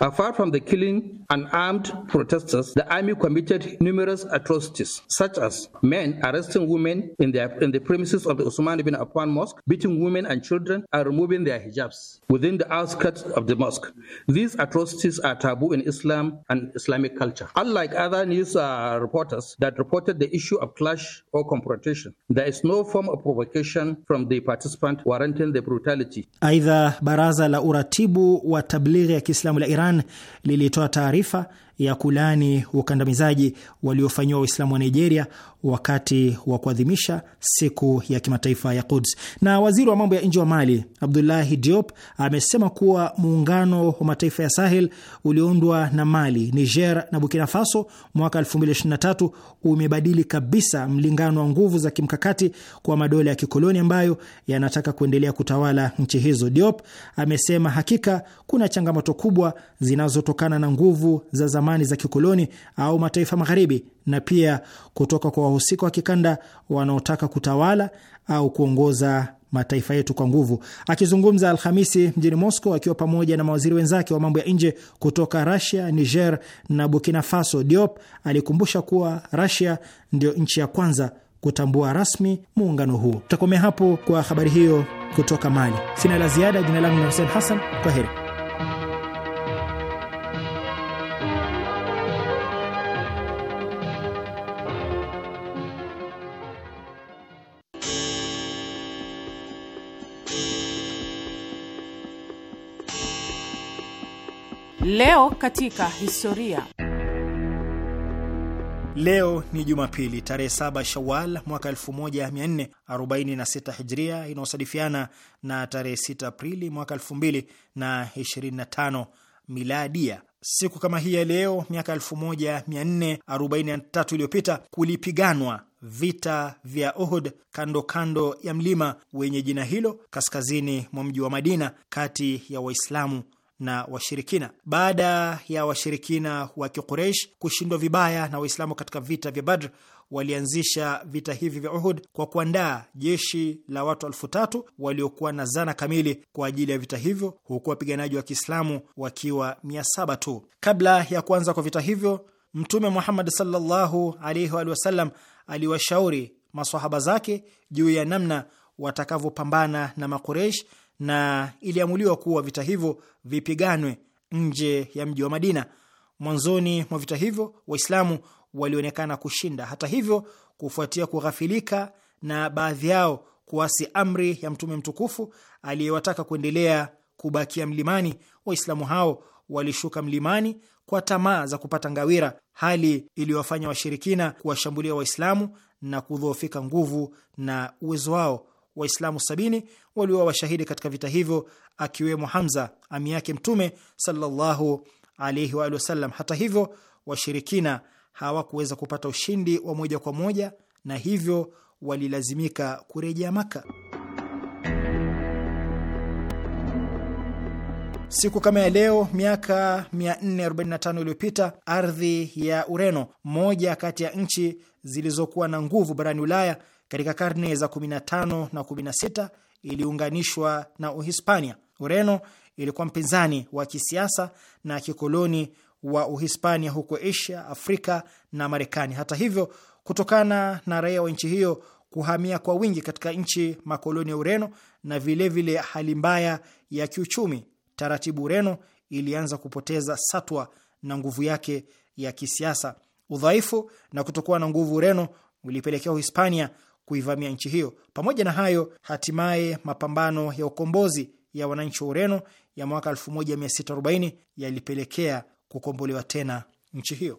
Apart from the killing unarmed protesters, the army committed numerous atrocities, such as men arresting women in, their, in the premises of the Osman ibn Affan Mosque, beating women and children, and removing their hijabs within the outskirts of the mosque. These atrocities are taboo in Islam and Islamic culture. Unlike other news uh, reporters that reported the issue of clash or confrontation, there is no form of provocation from the participant warranting the brutality. Either baraza la uratibu wa tablighi Jamhuri ya Kiislamu la Iran lilitoa taarifa ya kulani ukandamizaji waliofanyiwa Waislamu wa Nigeria wakati wa kuadhimisha siku ya kimataifa ya Quds. Na waziri wa mambo ya nje wa Mali Abdullahi Diop amesema kuwa muungano wa mataifa ya Sahel ulioundwa na Mali, Niger na Burkina Faso mwaka 2023 umebadili kabisa mlingano wa nguvu za kimkakati kwa madola ya kikoloni ambayo yanataka kuendelea kutawala nchi hizo. Diop amesema hakika kuna changamoto kubwa zinazotokana na nguvu za zamani zamani za kikoloni au mataifa magharibi, na pia kutoka kwa wahusika wa kikanda wanaotaka kutawala au kuongoza mataifa yetu kwa nguvu. Akizungumza Alhamisi mjini Moscow akiwa pamoja na mawaziri wenzake wa mambo ya nje kutoka rasia Niger na Burkina Faso, Diop alikumbusha kuwa rasia ndio nchi ya kwanza kutambua rasmi muungano huo. Tutakomea hapo kwa habari hiyo kutoka Mali. Sina la ziada. Jina langu ni Hussein Hassan, kwa heri. Leo katika historia. Leo ni Jumapili tarehe 7 Shawal mwaka 1446 Hijria, inayosadifiana na tarehe 6 Aprili mwaka 2025 Miladia. Siku kama hii ya leo miaka 1443 iliyopita kulipiganwa vita vya Uhud kando kando ya mlima wenye jina hilo kaskazini mwa mji wa Madina kati ya Waislamu na washirikina. Baada ya washirikina wa Kiquraish kushindwa vibaya na Waislamu katika vita vya Badr, walianzisha vita hivi vya Uhud kwa kuandaa jeshi la watu elfu tatu waliokuwa na zana kamili kwa ajili ya vita hivyo, huku wapiganaji wa Kiislamu wakiwa mia saba tu. Kabla ya kuanza kwa vita hivyo, Mtume Muhammad sallallahu alaihi wa sallam aliwashauri masahaba zake juu ya namna watakavyopambana na Makureish na iliamuliwa kuwa vita hivyo vipiganwe nje ya mji wa Madina. Mwanzoni mwa vita hivyo Waislamu walionekana kushinda. Hata hivyo, kufuatia kughafilika na baadhi yao kuasi amri ya Mtume mtukufu aliyewataka kuendelea kubakia mlimani, Waislamu hao walishuka mlimani kwa tamaa za kupata ngawira, hali iliyowafanya washirikina kuwashambulia Waislamu na kudhoofika nguvu na uwezo wao. Waislamu sabini waliowa washahidi katika vita hivyo, akiwemo Hamza ami yake Mtume sallallahu alaihi wa wasallam. Hata hivyo, washirikina hawakuweza kupata ushindi wa moja kwa moja na hivyo walilazimika kurejea Maka. Siku kama ya leo miaka 445 iliyopita ardhi ya Ureno, moja kati ya nchi zilizokuwa na nguvu barani Ulaya, katika karne za 15 na 16 iliunganishwa na Uhispania. Ureno ilikuwa mpinzani wa kisiasa na kikoloni wa Uhispania huko Asia, Afrika na Marekani. Hata hivyo, kutokana na raia wa nchi hiyo kuhamia kwa wingi katika nchi makoloni ya Ureno na vilevile hali mbaya ya kiuchumi, taratibu Ureno ilianza kupoteza satwa na nguvu yake ya kisiasa. Udhaifu na kutokuwa na nguvu Ureno ulipelekea Uhispania kuivamia nchi hiyo. Pamoja na hayo, hatimaye mapambano ya ukombozi ya wananchi wa Ureno ya mwaka 1640 yalipelekea kukombolewa tena nchi hiyo.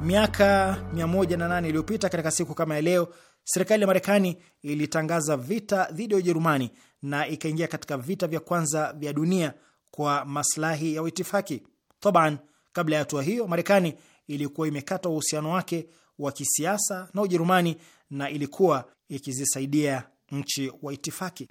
Miaka 108 iliyopita katika siku kama ya leo, serikali ya Marekani ilitangaza vita dhidi ya Ujerumani na ikaingia katika vita vya kwanza vya dunia kwa maslahi ya uitifaki. toban kabla ya hatua hiyo, Marekani ilikuwa imekata uhusiano wake wa kisiasa na Ujerumani na ilikuwa ikizisaidia nchi wa itifaki.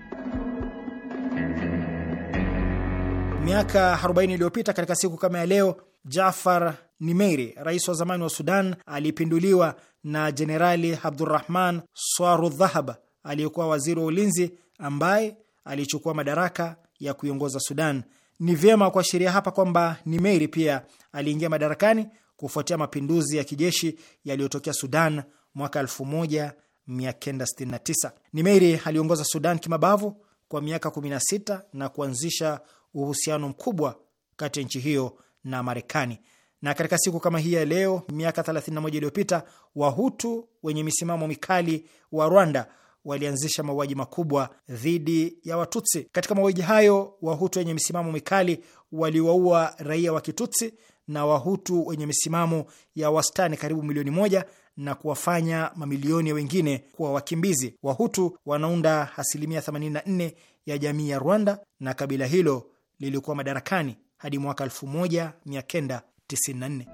Miaka 40 iliyopita katika siku kama ya leo, Jafar Nimeiri, rais wa zamani wa Sudan, alipinduliwa na Jenerali Abdurrahman Swaru Dhahab aliyekuwa waziri wa ulinzi ambaye alichukua madaraka ya kuiongoza Sudan. Ni vyema kuashiria hapa kwamba Nimeiri pia aliingia madarakani kufuatia mapinduzi ya kijeshi yaliyotokea Sudan mwaka 1969. Nimeiri aliongoza Sudan kimabavu kwa miaka 16 na kuanzisha uhusiano mkubwa kati ya nchi hiyo na Marekani. Na katika siku kama hii ya leo miaka 31 iliyopita, Wahutu wenye misimamo mikali wa Rwanda walianzisha mauaji makubwa dhidi ya Watutsi. Katika mauaji hayo, Wahutu wenye misimamo mikali waliwaua raia wa Kitutsi na Wahutu wenye misimamo ya wastani karibu milioni moja na kuwafanya mamilioni wengine kuwa wakimbizi. Wahutu wanaunda asilimia 84 ya jamii ya Rwanda na kabila hilo lilikuwa madarakani hadi mwaka 1994.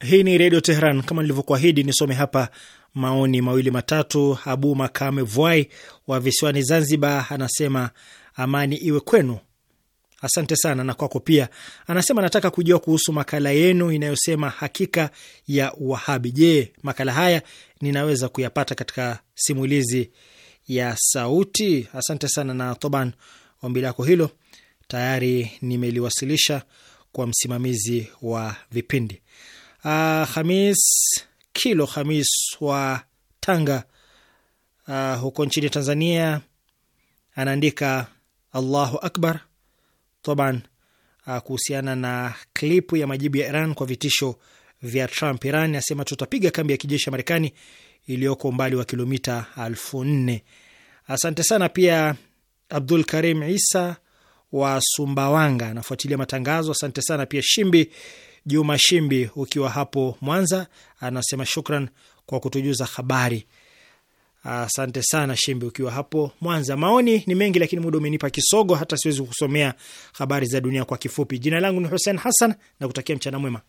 Hii ni Redio Teheran. Kama nilivyokuahidi, nisome hapa maoni mawili matatu. Abu Makame Vwai wa visiwani Zanzibar anasema amani iwe kwenu. Asante sana na kwako pia. Anasema nataka kujua kuhusu makala yenu inayosema hakika ya Wahabi. Je, makala haya ninaweza kuyapata katika simulizi ya sauti? Asante sana na Toban, ombi lako hilo tayari nimeliwasilisha kwa msimamizi wa vipindi. uh, ah, Hamis Kilo Hamis wa Tanga uh, huko nchini Tanzania anaandika Allahu akbar toban uh, kuhusiana na klipu ya majibu ya Iran kwa vitisho vya Trump. Iran asema tutapiga kambi ya kijeshi ya Marekani iliyoko umbali wa kilomita elfu nne. Asante sana pia Abdul Karim Isa wa Sumbawanga anafuatilia matangazo. Asante sana pia Shimbi Juma Shimbi ukiwa hapo Mwanza anasema shukran kwa kutujuza habari. Asante sana Shimbi ukiwa hapo Mwanza. Maoni ni mengi, lakini muda umenipa kisogo, hata siwezi kusomea habari za dunia kwa kifupi. Jina langu ni Hussein Hassan na kutakia mchana mwema.